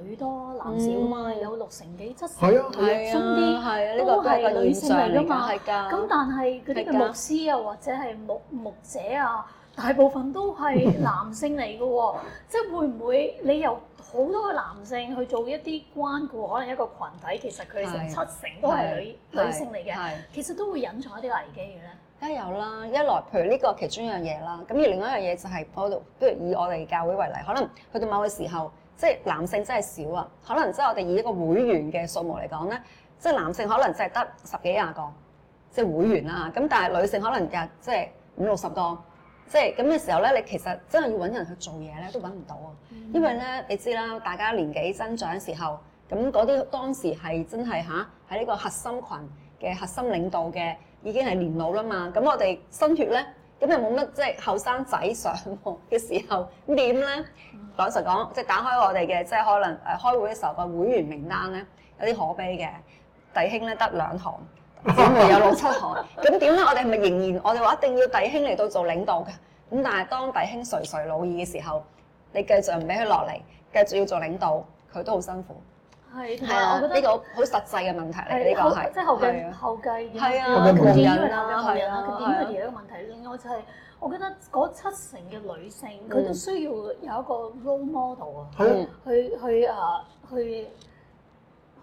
女多男少，嘛，嗯、有六成幾、七成，佢弱酸啲，啊啊、都係一個女性嚟㗎嘛。咁的但係佢哋嘅牧師又、啊、的或者係牧牧者啊，大部分都係男性嚟嘅喎， *laughs* 即係會唔會你由好多嘅男性去做一啲關顧，可能一個群體其實佢哋成七成都係女女性嚟嘅，其實都會隱藏一啲危機嘅咧。梗係有啦，一來譬如呢個其中一樣嘢啦，咁而另外一樣嘢就係、是，譬如以我哋教會為例，可能去到某個時候。即係男性真係少啊，可能即係我哋以一個會員嘅數目嚟講咧，即係男性可能淨係得十幾廿個即係會員啦，咁但係女性可能又即係五六十個，即係咁嘅時候咧，你其實真係要搵人去做嘢咧都搵唔到啊，因為咧你知啦，大家年紀增長嘅時候，咁嗰啲當時係真係吓，喺呢個核心群嘅核心領導嘅已經係年老啦嘛，咁我哋新血咧。咁又冇乜即係後生仔上嘅時候，咁點咧？講實講，即係打開我哋嘅即係可能誒、呃、開會嘅時候個會員名單咧，有啲可悲嘅，弟兄咧得兩行，姊妹有六七行。咁點咧？我哋係咪仍然我哋話一定要弟兄嚟到做領導嘅？咁但係當弟兄垂垂老矣嘅時候，你繼續唔俾佢落嚟，繼續要做領導，佢都好辛苦。係，同埋我覺得呢、啊這個好實際嘅問題嚟呢、啊、個係，即係後後繼嘅，係啊，點樣啊，點樣啊，佢點樣而有一個問題，另外、啊啊、就係、是、我覺得嗰七成嘅女性，佢、嗯、都需要有一個 role model、嗯、啊，去去啊去。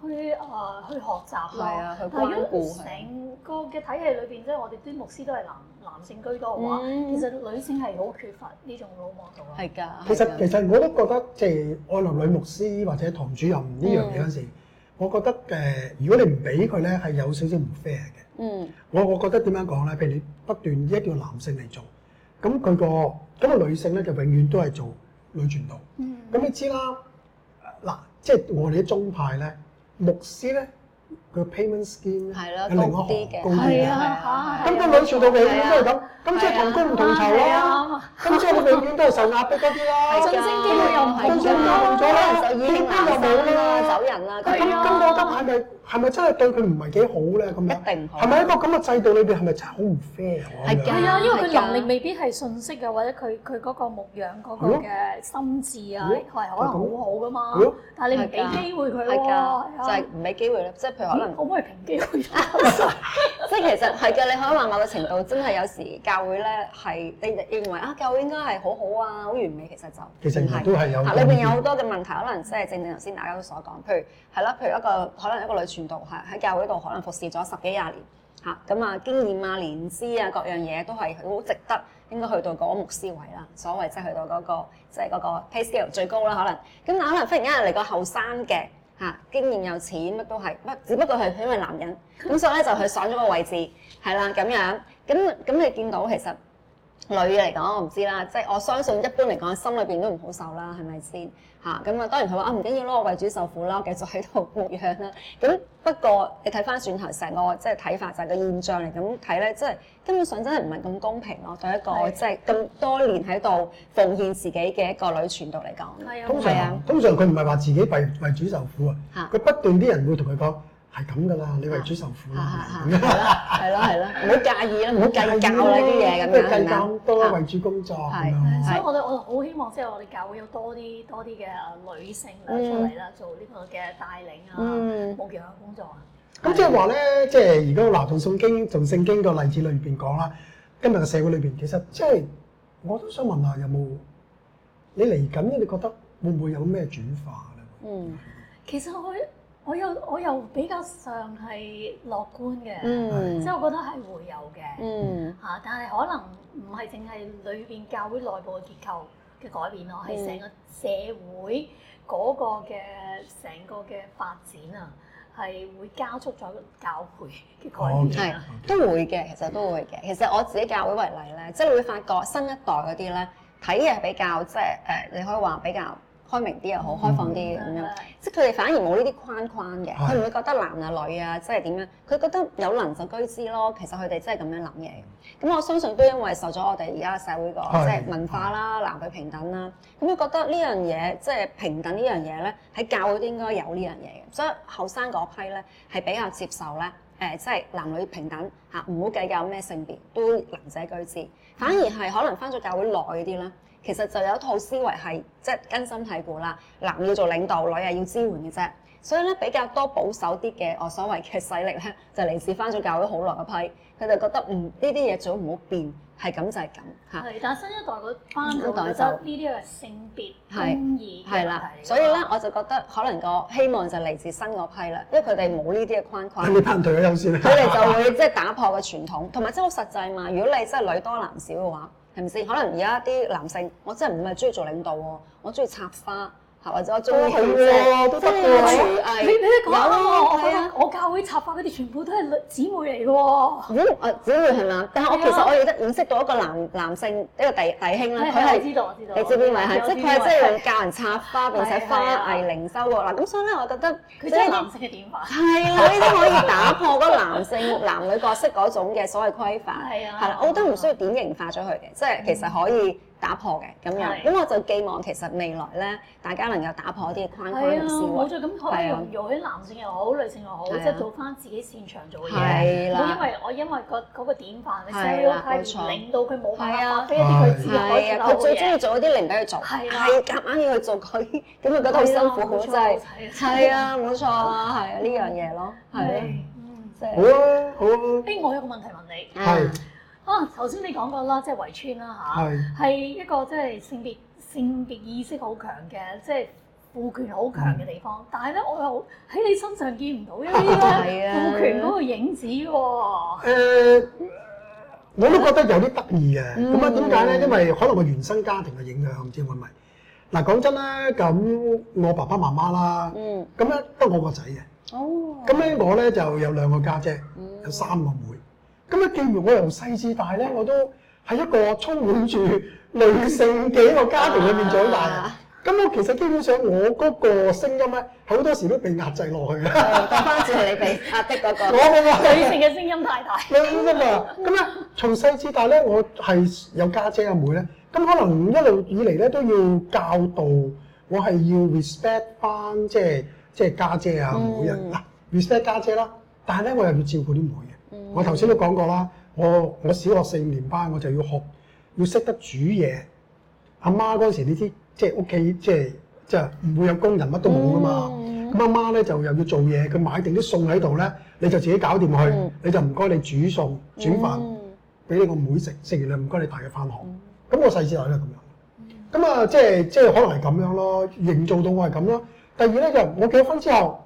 去啊！去學習啊！係啊！去關顧，如果成個嘅體系裏邊咧，我哋啲牧師都係男男性居多嘅話，嗯、其實女性係好缺乏呢種老牧度。啊的。係㗎。其實的其實我都覺得、就是，即係愛立女牧師或者堂主任呢樣嘢嗰陣時，嗯、我覺得誒、呃，如果你唔俾佢咧係有少少唔 fair 嘅。嗯。我我覺得點樣講咧？譬如你不斷以一個男性嚟做，咁佢個咁、那個女性咧就永遠都係做女傳道。嗯。咁你知啦，嗱、呃，即係我哋啲宗派咧。牧師咧？個 payment scheme 係咯，有另外啲嘅高啲啊，咁個女傳道會咁都係咁，咁即係同工唔同酬啦，咁即係佢永遠都係受壓迫多啲啦，真先機會又唔同咗啦，片單又冇啦，走人啦，咁咁我覺得係咪係咪真係對佢唔係幾好咧？咁樣係咪喺個咁嘅制度裏邊係咪真係好唔 fair？係㗎，係啊，因為佢能力未必係信息啊，或者佢佢嗰個牧養嗰個嘅心志啊，係可能好好㗎嘛，但係你唔俾機會佢喎，就係唔俾機會咯，即係譬如話。可唔可以平機會？ *laughs* *laughs* 即係其實係嘅，你可以話某個程度真係有時教會咧係，你認為啊，教會應該係好好啊，好完美，其實就其實都係有問題。嚇，裏邊有好多嘅問題，可能即係正正頭先大家都所講，譬如係咯，譬如一個可能一個女傳道，係喺教會度可能服侍咗十幾廿年，嚇咁啊經驗啊、年資啊、各樣嘢都係好值得應該去到嗰個牧師位啦，所謂即係去到嗰個即係嗰個 pay scale 最高啦，可能咁，但可能忽然間嚟個後生嘅。嚇、啊，經驗又錢，乜都係，只不過係因為係男人，咁所以呢就佢上咗個位置，係啦咁樣，咁你見到其實。女嚟講，我唔知啦。即係我相信一般嚟講，心裏邊都唔好受啦，係咪先？嚇咁啊！當然佢話啊，唔緊要咯，我為主受苦啦，繼續喺度牧養啦。咁不過你睇翻轉頭成個即係睇法就係個現象嚟咁睇咧，即係根本上真係唔係咁公平咯。對一個即係咁多年喺度奉獻自己嘅一個女傳道嚟講，係啊，係啊。通常佢唔係話自己為為主受苦啊，佢不斷啲人會同佢講。係咁噶啦，你為主受苦啦，係咯係咯，唔好介意啦，唔好計較呢啲嘢咁樣啦，多為主工作咁樣咯。咁我覺得我好希望，即係我哋教會有多啲多啲嘅女性咧出嚟啦，做呢個嘅帶領啊，冇其他工作啊。咁即係話咧，即係而家我拿從聖經從聖經個例子裏邊講啦。今日嘅社會裏邊其實即係我都想問下，有冇你嚟緊？你覺得會唔會有咩轉化咧？嗯，其實我。我又我又比較上係樂觀嘅，嗯、即係我覺得係會有嘅嚇，但係可能唔係淨係裏邊教會內部嘅結構嘅改變咯，係成、嗯、個社會嗰個嘅成個嘅發展啊，係會加速咗教會嘅改變、啊，係、嗯嗯嗯嗯、都會嘅，其實都會嘅。其實我自己教會為例咧，即、就、係、是、會發覺新一代嗰啲咧睇嘢係比較即係誒，你可以話比較。開明啲又好，嗯、開放啲咁樣，即係佢哋反而冇呢啲框框嘅，佢唔會覺得男啊女啊的即係點樣，佢覺得有能就居之咯。其實佢哋真係咁樣諗嘢。咁我相信都因為受咗我哋而家社會個的即係文化啦，男女平等啦，咁的佢覺得呢樣嘢即係平等呢樣嘢咧，喺教會應該有呢樣嘢嘅。所以後生嗰批咧係比較接受咧，誒即係男女平等嚇，唔好計較咩性別，都能者居之。反而係可能翻咗教會耐啲啦。其實就有一套思維係即係根深蒂固啦。男要做領導，女啊要支援嘅啫。所以咧比較多保守啲嘅，我所謂嘅勢力咧，就嚟自翻咗教會好耐嘅批，佢就覺得唔呢啲嘢做唔好變，係咁就係咁嚇。係、嗯，但新一代嗰班、嗯、就呢啲係性別中意係啦。嗯、所以咧我就覺得可能個希望就嚟自新嗰批啦，因為佢哋冇呢啲嘅框框。咁你拋唔先。佢哋就會即係 *laughs* 打破個傳統，同埋即係好實際嘛。如果你真係女多男少嘅話。係咪先？可能而家啲男性，我真係唔係中意做領導，我中意插花。或者我中意真係，你你講啊！我我教會插花嗰啲全部都係女姊妹嚟嘅喎。姊妹係嘛？但係我其實我亦都認識到一個男男性一個弟弟兄啦。我知道我知道。你知邊位係？即係佢係真係教人插花，並且花藝靈修喎。嗱，咁所以咧，我覺得佢真係啲係啦，可以打破嗰男性男女角色嗰種嘅所謂規範。係啊。係啦，我覺得唔需要典型化咗佢嘅，即係其實可以。打破嘅咁樣，咁我就寄望其實未來咧，大家能夠打破一啲框框嘅思維。係啊，冇錯，咁可以容許男性又好，女性又好，即係做翻自己擅長做嘅嘢。係啦。因為我因為個嗰個典範，你知唔知啊？令到佢冇辦法，做一啲佢自己可以做嘅嘢。我最中意做一啲唔俾佢做。係啊。係夾硬要去做佢，咁佢覺得好辛苦，好真係。係啊，冇錯，係啊，呢樣嘢咯，係。好啊，好啊。誒，我有個問題問你。係。啊，頭先你講過啦，即係圍村啦嚇，係是一個即係性別性別意識好強嘅，即係父權好強嘅地方。嗯、但係咧，我又喺你身上見唔到一啲咧父權嗰個影子喎、哦啊。我都覺得有啲得意嘅。咁啊、嗯，點解咧？因為可能我原生家庭嘅影響，唔知我係咪嗱講真啦。咁我爸爸媽媽啦，咁咧得我個仔嘅。哦。咁咧，我咧就有兩個家姐，姐，有三個妹，妹。咁啊，既然我由細至大咧，我都喺一個充滿住女性嘅一個家庭裏面長大。咁我、啊、其實基本上我嗰個聲音咧，好多時都被壓制落去嘅。多番謝你哋壓迫嗰我嘅話，女性嘅聲音太大。咁啊，咁啊，啊 *laughs* 從細至大咧，我係有家姐啊妹咧。咁可能一路以嚟咧，都要教導我係要 respect 翻，即係即係家姐啊妹啊。嗯、respect 家姐啦，但係咧，我又要照顧啲妹，妹。我頭先都講過啦，我我小學四五年班我就要學，要識得煮嘢。阿媽嗰時呢啲，即係屋企即係即係唔會有工人，乜都冇噶嘛。咁阿、嗯、媽咧就又要做嘢，佢買定啲餸喺度咧，你就自己搞掂去，嗯、你就唔該你煮餸煮飯俾、嗯、你個妹食，食完你唔該你帶佢翻學。咁、嗯、我細時候都係咁樣。咁啊、嗯，即係即係可能係咁樣咯，營造到我係咁咯。第二咧就我結咗婚之後，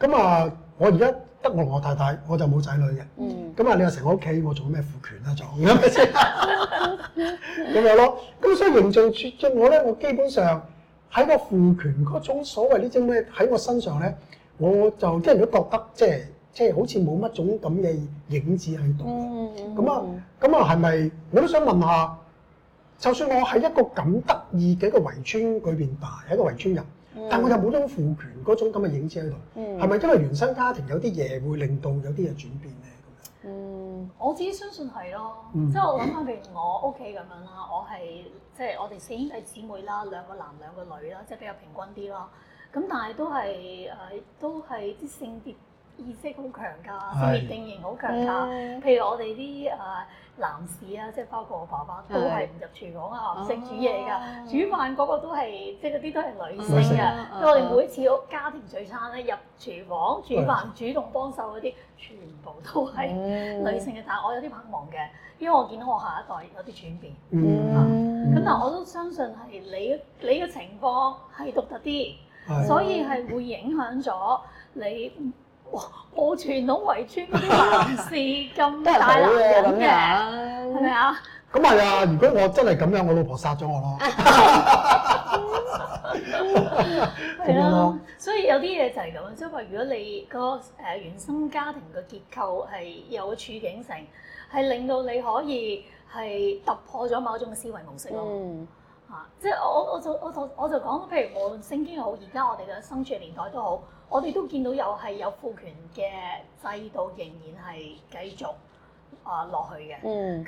咁啊我而家。得我同我太太，我就冇仔女嘅。咁啊、嗯，你話成個屋企，我做咩父權啊？仲係咪先？咁樣咯。咁所以形象出，造我咧，我基本上喺個父權嗰種所謂呢種咩喺我身上咧，我就啲人都覺得即係即係好似冇乜種咁嘅影子喺度。咁、嗯、啊，咁啊，係咪我都想問下？就算我喺一個咁得意嘅一個圍村裏面吧，一個圍村人。但係我又冇種父權嗰種咁嘅影子喺度，係咪、嗯、因為原生家庭有啲嘢會令到有啲嘢轉變咧？咁樣，嗯，我自己相信係咯，嗯、即係我諗翻譬如我屋企咁樣啦，我係即係我哋四兄弟姊妹啦，兩個男兩個女啦，即係比較平均啲啦，咁但係都係誒，都係啲性別意識好強噶，定型好強噶。譬如我哋啲誒男士啊，即係包括我爸爸，都係唔入廚房啊，食煮嘢噶。煮飯嗰個都係，即係嗰啲都係女性因啊。我哋每次屋家庭聚餐咧，入廚房煮飯主動幫手嗰啲，全部都係女性嘅。但係我有啲盼望嘅，因為我見到我下一代有啲轉變。咁但係我都相信係你你嘅情況係獨特啲，所以係會影響咗你。冇破傳統圍村啲男士咁大男人嘅，係咪啊？咁係吧啊！如果我真係咁樣，我老婆殺咗我咯。係啦、 *laughs* *laughs* 啊啊，所以有啲嘢就係咁，即係話如果你個誒原生家庭嘅結構係有個處境性，係令到你可以係突破咗某一種嘅思維模式咯。嗯。即係我我就我就我就講，譬如無論聖經好，而家我哋嘅生存年代都好，我哋都見到又係有父權嘅制度仍然係繼續啊落去嘅。咁、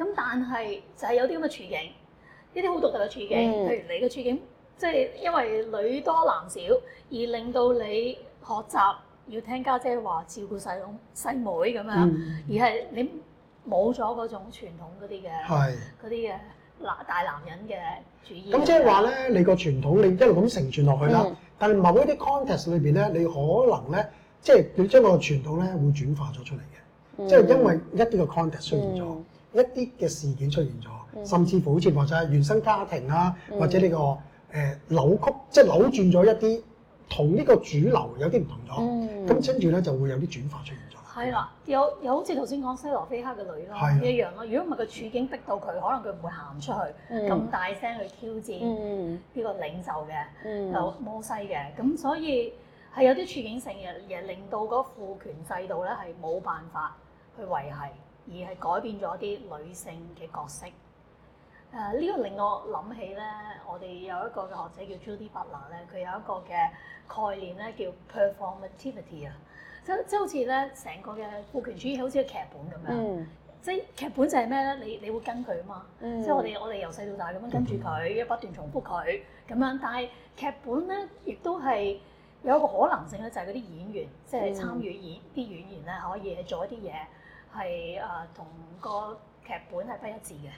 嗯、但係就係有啲咁嘅處境，一啲好獨特嘅處境，嗯、譬如你嘅處境，即係因為女多男少，而令到你學習要聽家姐話，照顧細佬細妹咁樣，嗯、而係你冇咗嗰種傳統嗰啲嘅，嗰啲嘅。嗱，大男人嘅主義。咁即係話咧，你個傳統你一路咁承傳落去啦，嗯、但係某一啲 context 裏邊咧，你可能咧，即係你將個傳統咧，會轉化咗出嚟嘅。即係因為一啲嘅 context 出現咗，嗯、一啲嘅事件出現咗，嗯、甚至乎好似話齋係原生家庭啊，嗯、或者呢、這個誒、呃、扭曲，即係扭轉咗一啲同呢個主流有啲唔同咗，咁跟住咧就會有啲轉化出現咗。係啦，有有好似頭先講西羅菲克嘅女咯，了一樣咯。如果唔係個處境逼到佢，可能佢唔會行出去咁、嗯、大聲去挑戰呢個領袖嘅，嗯、就摩西嘅。咁所以係有啲處境性嘅，而令到嗰個父權制度咧係冇辦法去維繫，而係改變咗啲女性嘅角色。誒、呃、呢、呢個令我諗起咧，我哋有一個嘅學者叫 Judy Butler 咧，佢有一個嘅概念咧叫 Performativity 啊。即即好似咧，成個嘅父權主義好似個劇本咁樣。嗯、即劇本就係咩咧？你你會跟佢啊嘛。嗯、即我哋我哋由細到大咁樣跟住佢，嗯、不斷重複佢咁樣。但係劇本咧，亦都係有一個可能性咧，就係嗰啲演員，即係參與演啲、嗯、演、演員咧，可以做一啲嘢係誒同個劇本係不一致嘅。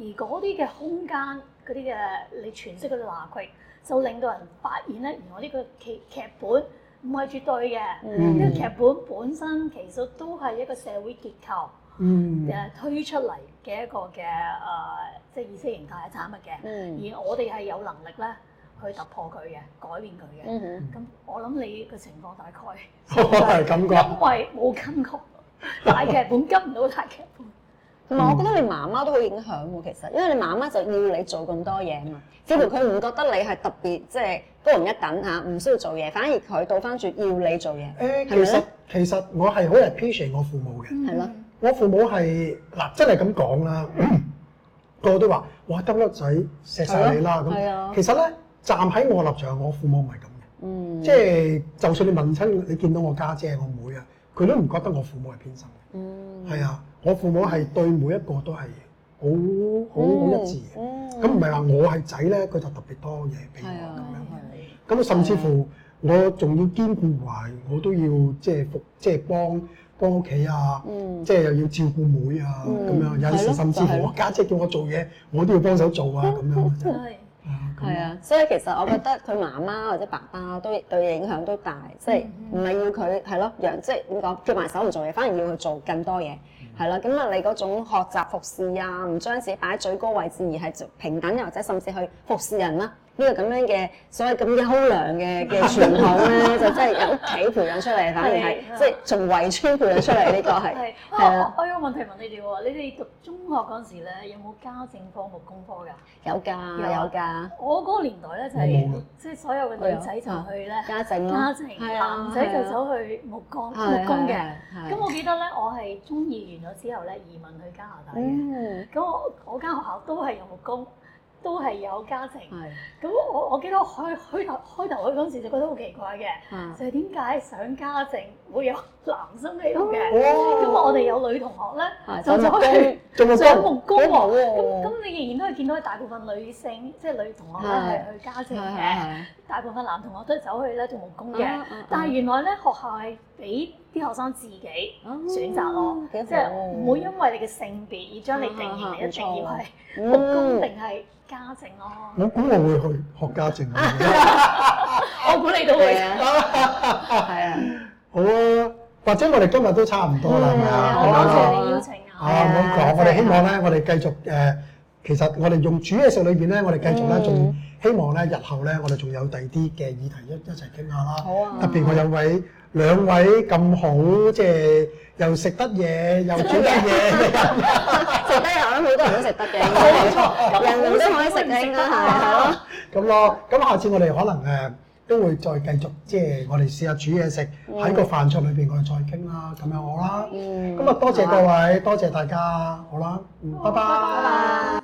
而嗰啲嘅空間，嗰啲嘅你詮釋嗰啲罅隙，就令到人發現咧，原來呢個劇劇本。唔係絕對嘅，呢、嗯、為劇本本身其實都係一個社會結構，誒、嗯、推出嚟嘅一個嘅誒，uh, 即係意識形態嘅產物嘅。嗯、而我哋係有能力咧去突破佢嘅，改變佢嘅。咁、嗯、哼我諗你個情況大概係咁講，因為冇跟曲， *laughs* 大劇本跟唔到大劇。 *laughs* 同埋，嗯、我覺得你媽媽都好影響喎。其實，因為你媽媽就要你做咁多嘢啊嘛，似乎佢唔覺得你係特別，即係高人一等嚇，唔需要做嘢，反而佢倒翻轉要你做嘢。誒、欸，其實是是其實我係好 appreciate 我父母嘅。係咯。我父母係嗱，真係咁講啦，個個 *coughs* 都話，哇，得粒仔錫曬你啦。咁的，嗯、其實咧，站喺我立場，我父母唔係咁嘅。嗯。即係就，就算你問親，你見到我家姐，姐、我妹啊，佢都唔覺得我父母係偏心嘅。嗯。係啊，我父母係對每一個都係好好好一致嘅。咁唔係話我係仔咧，佢就特別多嘢俾我咁樣。咁的、嗯、甚至乎我仲要兼顧埋，我都要即係服即係幫幫屋企啊，即係又要照顧妹啊咁樣。有時甚至乎我家姐，姐叫我做嘢，我都要幫手做啊咁樣。 *laughs* 係啊，所以其實我覺得佢媽媽或者爸爸都對影響都大，即係唔係要佢係咯，樣，即係點講，結埋手唔做嘢，反而要佢做更多嘢，係啦。咁啊，你嗰種學習服侍啊，唔將自己擺喺最高位置，而係做平等，又或者甚至去服侍人啦，啊。呢個咁樣嘅，所謂咁優良嘅嘅傳統咧，就真係有屋企培養出嚟，反而係即係從圍村培養出嚟。呢個係係我有問題問你哋喎，你哋讀中學嗰陣時咧，有冇家政科、木工科㗎？有㗎，有㗎。我嗰個年代咧就係即係所有嘅女仔就去咧家政家政，男仔就走去木工，木工嘅。咁我記得咧，我係中二完咗之後咧移民去加拿大嘅。咁我嗰間學校都係有木工。都係有家政，咁我我記得開開頭開頭去嗰陣時，就覺得好奇怪嘅，就係點解想家政會有男生喺度嘅？咁我哋有女同學咧，就去上木工喎。咁咁你仍然都可以見到大部分女性，即係女同學咧係去家政嘅，大部分男同學都係走去咧做木工嘅。但係原來咧學校係俾。啲學生自己選擇咯，即係唔會因為你嘅性別而將你定義你一定要去學工定係家政咯。我估我會去學家政。我估你都會。係啊，好啊，或者我哋今日都差唔多啦，係咪啊？多謝你邀請啊！啊，冇講，我哋希望咧，我哋繼續誒，其實我哋用煮嘢食裏邊咧，我哋繼續咧，仲。希望咧，日後咧，我哋仲有第二啲嘅議題一一齊傾下啦。好啊！特別我有位兩位咁好，即係又食得嘢，又煮得嘢嘅人。食得嘢啦，好多人都食得嘅。冇錯，人人都可以食嘅，應該係咁咯，咁下次我哋可能誒都會再繼續，即係我哋試下煮嘢食喺個飯桌裏邊，我哋再傾啦。咁樣好啦，咁啊多謝各位，多謝大家，好啦，嗯，拜拜。